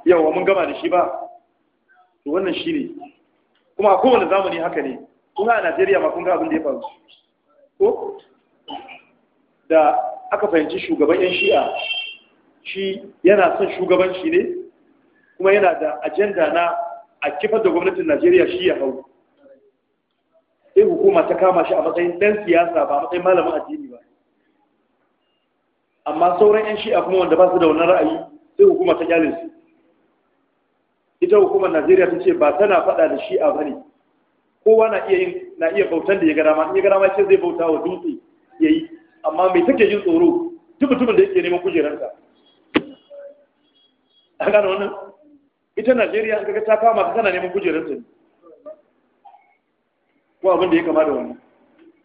yawa mun gama da shi ba to wannan shi ne kuma a kowane zamani haka ne kuma a najeriya ma kun ga abin da ya faru ko da aka fahimci shugaban yan shi'a shi yana son shugabanci ne kuma yana da ajenda na a kifar da gwamnatin najeriya shi ya hau sai hukuma ta kama shi a matsayin ɗan siyasa ba a matsayin malamin addini ba amma sauran 'yan shi'a kuma wanda ba su da wannan ra'ayi sai hukuma ta kyale su ita hukumar najeriya ta ce ba tana faɗa da shi'a ba ne kowa na iya yin na iya bautan da ya gara ma in ya gara ma ce zai bauta wa dutse ya yi amma mai take yin tsoro duk mutumin da yake neman kujerarsa an gane wannan ita najeriya kaga ta kama ta tana neman kujerar ta ko abin da ya kama da wani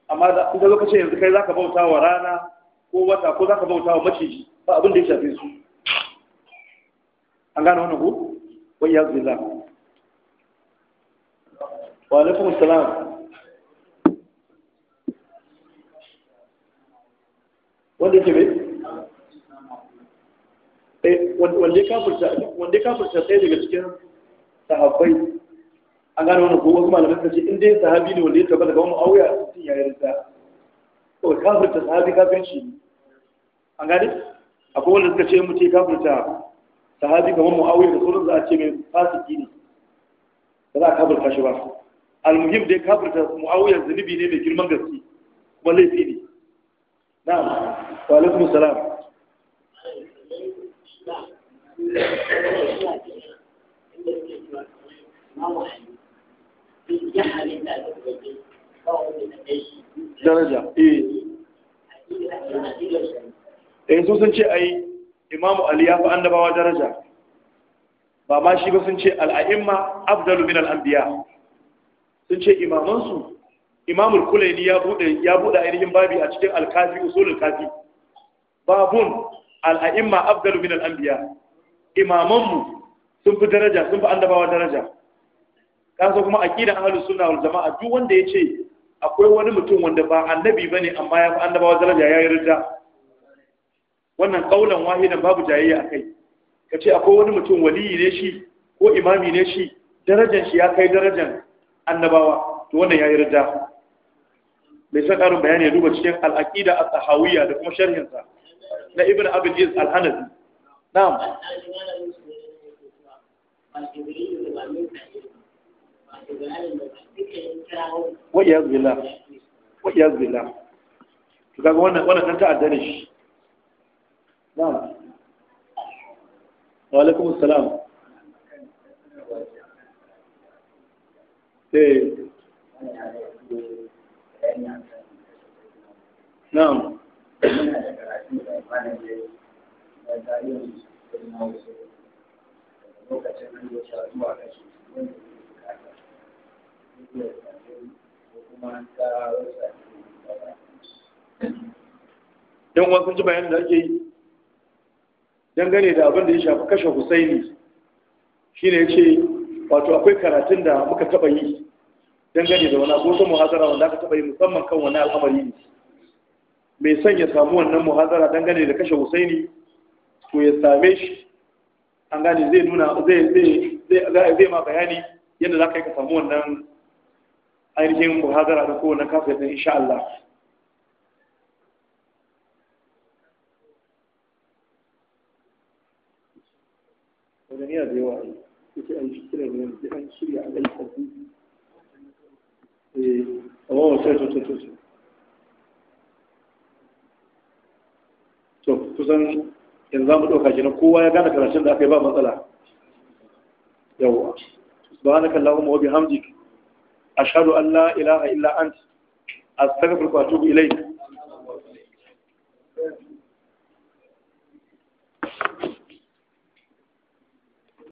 amma da ita lokacin yanzu kai zaka bauta wa rana ko wata ko zaka bauta wa maciji ba abin da ya shafe su an gane wannan ko wai ya zuwa wa alaikum salam wanda ke bai Eh, wanda ya kafirta sai daga cikin sahabbai an gane wani gowa kuma alamar kace inda dai sahabi ne wanda ya tabbata daga wani auya a cikin yayar da to kafirta sahabi kafin kafirci an gane akwai wanda suka ce mu ce kafirta sahabi kamar muawiya da sauran za a ce mai fasiki ne ba za a kafirta shi ba almuhim dai kafirta muawiya zunubi ne mai girman gaske kuma laifi ne na'am wa alaikum salam daraja eh eh so sun ce ai imamu ali ya fi annabawa daraja ba ma shi ba sun ce al'a'imma afdalu min al'anbiya sun ce imamansu imamul kulaini ya bude ya bude ainihin babi a cikin alkafi usulul kafi babun al'a'imma afdalu min al'anbiya imamanmu sun fi daraja sun fi annabawa daraja kasa kuma aqidan ahlus sunna wal jamaa duk wanda ya ce akwai wani mutum wanda ba annabi bane amma ya fi annabawa daraja yayi rida wannan kaulan wahidan babu jayayya akai kace akwai wani mutum waliyi ne shi ko imami ne shi darajar shi ya kai darajar annabawa to wannan yayi rida mai san karin bayani ya duba cikin al-aqida at da kuma sharhinsa na ibn abd al-hanafi na'am wa iyaz billah wa iyaz wannan wannan kan ta'adda ne shi yan uwa sun ji bayan da ake yi dangane da abin da ya shafi kashe husaini shine ya ce wato akwai karatun da muka taba yi dangane da wani abubuwan muhazara wanda aka taba yi musamman kan wani al'amari ne mai son ya samu wannan muhazara dangane da kashe husaini to ya same shi an gane zai nuna zai zai ma bayani yadda za ka yi ka samu wannan ainihin muhazara da kowane kafin din insha Allah a eh, kusan yanzu za mu ɗauka shi kowa ya gane karatun da aka yi ba matsala yawwa subhanaka allahumma wa a shaɗu an la ilaha illa anta astaghfiruka wa atubu ilaik